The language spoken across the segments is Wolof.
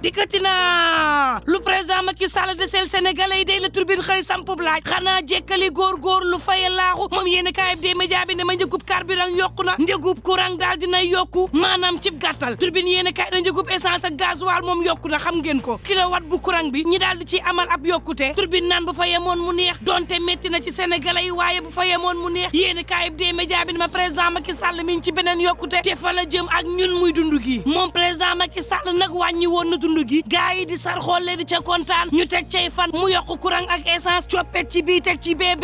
dikkati na lu président Macky Sall deseel sénégalais yi day la turbine xëy sampub laaj xanaa jekkali góorgóor lu faye laaxu moom yéen kaayib des média bi ne ma njëgub carburant yokku na njëgub courant daal dinay yokku maanaam cib gàttal turbine yéen kaay na njëgub essence ak gasoil moom yokku na xam ngeen ko kilowatt bu courant bi ñi daal di ci amal ab yokkute turbine naan bu mu neex donte métti na ci sénégalais yi waaye bu fa mu neex yéen kaayib des bi ne ma président Macky Sall mi beneen yokkute te fa la jëm ak ñun muy dund gi moom président Macky Sall nag wàññi woon na dund gi gars yi di sar mu yokk courant ak essence coppet bii teg ci bee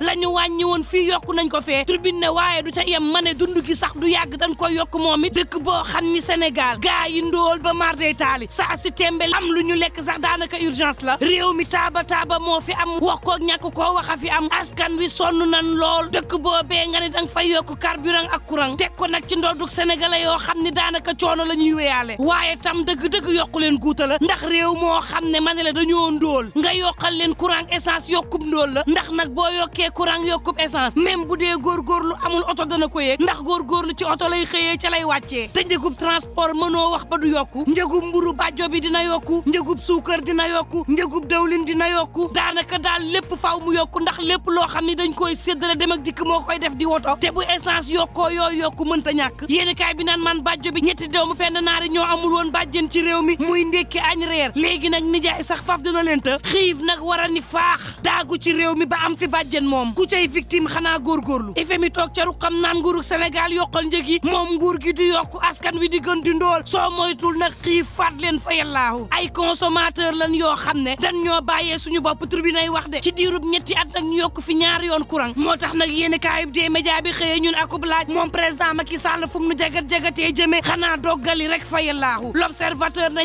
la ñu wàññi woon fii yokku nañ ko fee turbine ne waaye du ca yem ma dund gi sax du yàgg dañ koy yokk moom it dëkk boo xam ni Sénégal gars yi ndóol ba mardey taali saa si tembe am lu ñu lekk sax daanaka urgence la réew mi taaba taaba moo fi am wax ko ñàkk koo waxa fi am askan wi sonn nan lool dëkk boobee nga ne danga fay yokk carburant ak courant teg ko nag ci ndoddug sénégalais yoo xam ni daanaka coono la ñuy waaye tam dëgg-dëgg yokku leen guuta la ndax réew moo xam ne ma ne la dañoo ndóol nga yokkal leen courant essence yokkub ndóol la ndax nag boo yokkee courant yokkub essence même bu dee lu amul oto dana ko yéeg ndax góorgóorlu ci oto lay xëyee ca lay wàccee te njëgub transport mënoo wax ba du yokku njëgub mburu bàjjo bi dina yokku njëgub suukar dina yokku njëgub dawlin dina yokku daanaka daal lépp faaw mu yokk ndax lépp loo xam ne dañ koy séddale dem ak dikk moo koy def di woto te bu essence yokkoo yooyu yokku mënta ñàkk yéeni kaay bi naan man bàjjo bi ñetti doomu ci réew mi mi muy ndékki añ reer léegi nag nijaay sax faf dina leen të xiif nag war a ni faax daagu ci réew mi ba am fi bàjjen moom ku cay victime xanaa góor góorgóorlu ife mi toog ca ruqam naan nguuru Sénégal yokkal njëg yi moom nguur gi di yokk askan wi di gën di ndool soo moytul nag xiif faat leen fa yallaahu ay consommateur lan yoo xam ne dañ ñoo bàyyee suñu bopp tur bi nay wax de ci diirub ñetti at nag ñu yokk fi ñaari yoon courant moo tax nag yéen kaayub dee média bi xëyee ñun akub laaj moom président Macky Sall fu mu nu jagat jagatee jëmee xanaa doggali rek fa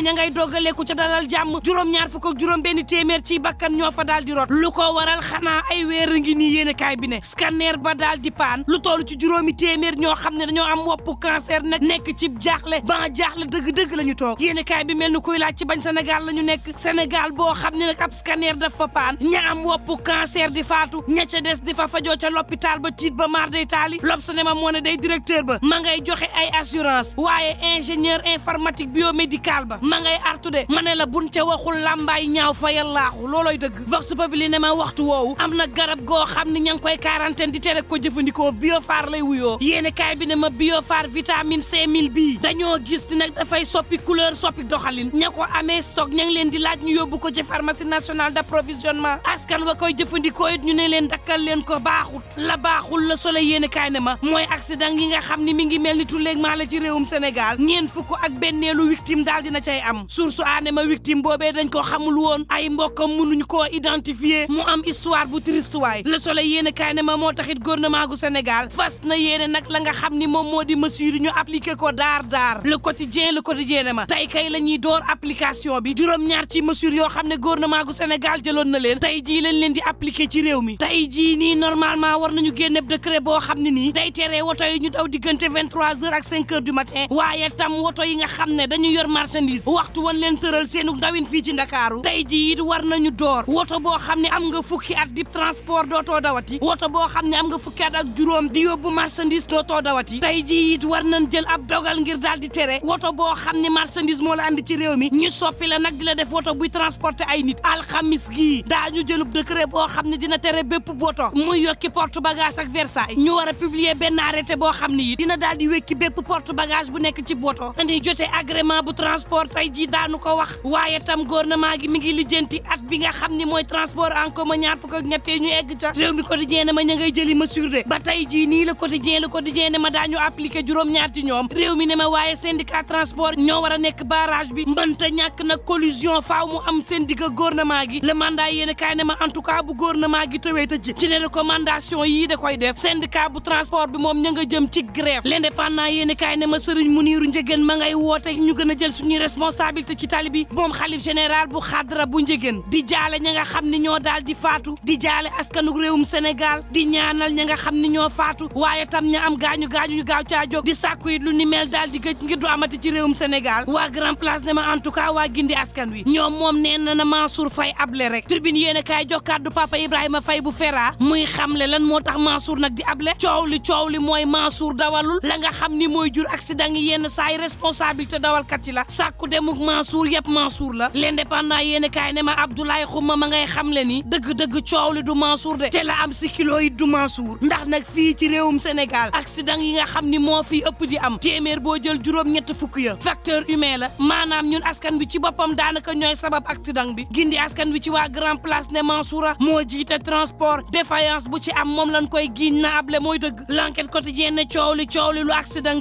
ne ña ngay doggaleeku ca dalal jàmm juróom-ñaar fukk ak juróom benn téeméer ci bakkan ñoo fa daal di rot lu ko waral xanaa ay weer ngi nii yéen kaay bi ne scanner ba daal di paan lu toll ci juróomi téeméer ñoo xam ne dañoo am woppu cancer nag nekk ci jaaxle ban jaaxle dëgg-dëgg la toog yéen kaay bi mel ni kuy laaj ci bañ Sénégal la ñu nekk Sénégal boo xam ne nag ab scanner dafa paan ña am woppu cancer di faatu ña ca des di fa fajoo ca l'hôpital ba tiit ba mar day taali lobs ne ma moo ne day directeur ba ma ngay joxe ay assurance waaye ingénieur informatique biomédical ba ma ngay artu de ma ne la buñ ca waxul làmbaay ñaaw fa yallaahu loolooy dëgg vox populi ne ma waxtu woowu am na garab goo xam ni ña ngi koy quarantaine di tere ko jëfandikoo biofaar lay wuyoo yéene kaay bi ne ma biofaar vitamine C mille bii dañoo gis dina nag dafay soppi couleur soppi doxalin ña ko amee stock ña leen di laaj ñu yóbbu ko ci pharmacie nationale d'approvisionnement askan wa koy jëfandikoo it ñu ne leen dakkal leen ko baaxut la baaxul la solo yéene kaay ma mooy accident yi nga xam ne mi ngi mel ni tulleeg maa la ci réewum Sénégal ñeen fukk ak benneelu victime daal dina ca lay am source aane ma victime boobee dañ ko xamul woon ay mbokkam mënuñ koo identifier mu am histoire bu triste waay Le Soleil yéen a kaay ne ma moo taxit gouvernement gu Sénégal fas na yéene nag la nga xam ni moom moo di mesure yi ñu appliqué ko daar daar Le Quotidien Le Quotidien ne ma tey kay la ñuy door application bi juróom-ñaar ci mesure yoo xam ne gouvernement gu Sénégal jëloon na leen tey jii lañ leen di appliqué ci réew mi tey jii nii normalement war nañu génne décret boo xam ne nii day tere woto yi ñu daw diggante 23 heures ak 5 heures waaye tam woto yi nga xam ne dañu yor marchandise waxtu wan leen tëral seenu ndawin fii ci ndakaaru tey jii it war nañu door woto boo xam ne am nga fukki at di transport dootoo dawati woto boo xam ne am nga fukki at ak juróom di yóbbu marchandise dootoo dawati tey ji it war nañ jël ab dogal ngir daal di tere woto boo xam ne marchandise moo la andi ci réew mi ñu soppi la nag di la def woto buy transporter ay nit alxamis gii daañu jëlub décret boo xam ne dina tere bépp woto muy yokki porte bagage ak Versailles ñu war a publier boo xam ne it dina daal di wékki bépp porte bagage bu nekk ci woto dañuy jote agrément bu transport tey jii daanu ko wax waaye tam gouvernement gi mi ngi lijjanti at bi nga xam ni mooy transport en commun ñaar fukk ak ñettee ñu egg ca réew mi quotidien ne ma ña ngay jëli mesure de ba tey jii nii la quotidien la quotidien ne ma daañu appliqué juróom-ñaar ci ñoom réew mi ne ma waaye syndicat transport ñoo war a nekk barrage bi mënta ñàkk nag collusion faaw mu am seen digg gouvernement gi le mandat yéen kaay ne ma en tout cas bu gouvernement gi tëwee tëj ci ne recommandation yii da koy def syndicat bu transport bi moom ña nga jëm ci grève l'indépendant yéen kaay ne ma sëriñ Muniru Njëgeen ma ngay woote ñu gën a jël suñuy responsabilité ci tali bi moom xalif général bu xadra bu njëgeen di jaale ña nga xam ni ñoo daal di faatu di jaale askanug réewum Sénégal di ñaanal ña nga xam ni ñoo faatu waaye tam ña am gaañu gaañu ñu gaaw caa jóg di sàkku it lu ni mel daal di gëj ngir du amati ci réewum Sénégal waa grand place ne ma en tout cas waa gindi askan wi ñoom moom nee na na Mansour Faye able rek tribune yéen a kaay jox kàddu papa Ibrahima fay bu Fera muy xamle lan moo tax Mansour nag di able coow li coow li mooy Mansour dawalul la nga xam ni mooy jur accident yi yenn saa yi responsabilité dawalkat yi la demuk Mansour yëpp Mansour la l'indépendant yéeni kaay ne ma Abdoulaye Xuma ma ngay xam le ni dëgg-dëgg coow li du Mansour de te la am si kilo yi du Mansour ndax nag fii ci réewum Sénégal accident yi nga xam ni moo fii ëpp di am téeméer boo jël juróom ñett fukk ya facteur mais la maanaam ñun askan bi ci boppam daanaka ñooy sabab accident bi gindi askan bi ci waa grand place ne Mansoura moo jiite transport défaillance bu ci am moom lañ koy giiñ na mooy dëgg l'enquête quotidienne ne coow li coow li lu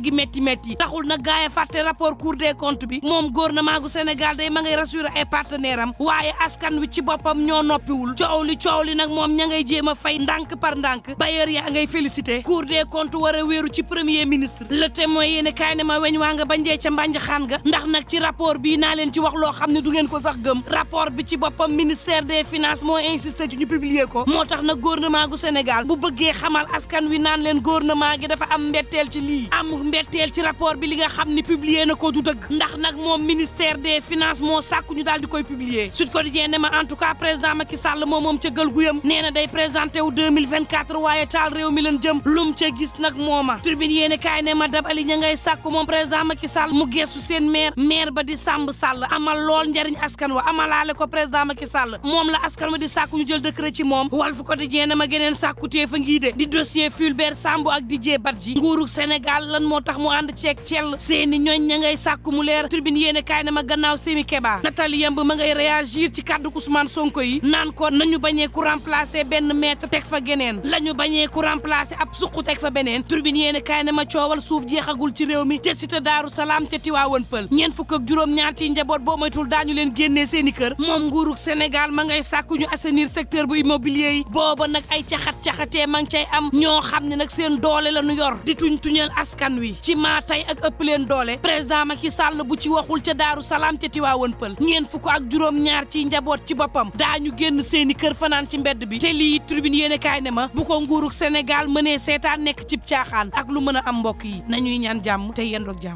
gi métti métti taxul nag gaay fàtte rapport cour des comptes bi gouvernement gu Sénégal day ma ngay rassurer ay partenaire am waaye askan wi ci boppam ñoo noppiwul coow li coow li nag moom ña ngay jéem a fay ndànk par ndànk bailleur yaa ngay félicité Cour des comptes war a wéeru ci premier ministre la témoin yéene kaay ne ma weñ waa nga banjee ca mbànj xaan nga ndax nag ci rapport bii naa leen ci wax loo xam ne du ngeen ko sax gëm rapport bi ci boppam ministère des finances moo insisté ci ñu publier ko moo tax nag gouvernement gu Sénégal bu bëggee xamal askan wi naan leen gouvernement gi dafa am mbetteel ci lii am mbetteel ci rapport bi li nga xam ne publier na ko du ministère de finances moo sàkku ñu daal di koy publier Sud Quotidien ma en tout cas président Macky Sall moom moom ca gël guyam nee na day présenté wu 2024 waaye taal réew mi leen jëm lum ca gis nag mooma tribune yéene kaay ma dab ali sàkku moom président Macky Sall mu geesu seen maire maire ba di Samb sàll amal lool njariñ askan wa amalaale ko président Macky Sall moom la askan wa di sàkku ñu jël décret ci moom Walf Quotidien ne ma geneen sàkku tee fa ngii de di dossier Fulbert Sambou ak Didier Badji nguurug Sénégal lan moo tax mu ànd ceeg Thiel seeni ñooñ ña ngay sàkku mu leer tribune yéene kaay ma gannaaw Semi Keba Nathalie Yamb ma ngay réagir ci kàddu Ousmane Sonko yi naan ko nañu bañee ku remplacer benn maître teg fa geneen la ñu bañee ku remplacer ab suqu teg fa beneen turbine ne kaay ma coowal suuf jeexagul ci réew mi te cité ca Salaam te Tiwaawan Pël ñeent fukk ak juróom ñaati njaboot boo moytul daañu leen génnee seeni kër moom nguurug Sénégal ma ngay sàkku ñu assainir secteur bu immobilier yi booba nag ay caxat-caxatee ma ngi cay am ñoo xam ne nag seen doole la ñu yor di tuñ tuñal askan wi ci maa ak ëpp leen doole président Macky Sall bu ci waxul ca daaru salaam ca tiwaawan pël ñeent fukk ak juróom-ñaar ci njaboot ci boppam daañu génn seeni kër fanaan ci mbedd bi te lii tribune yéene kaay ne ma bu ko nguuruk Sénégal mënee seetaan nekk cib caaxaan ak lu mën a am mbokk yi nañuy ñaan jàmm te yendoog jàmm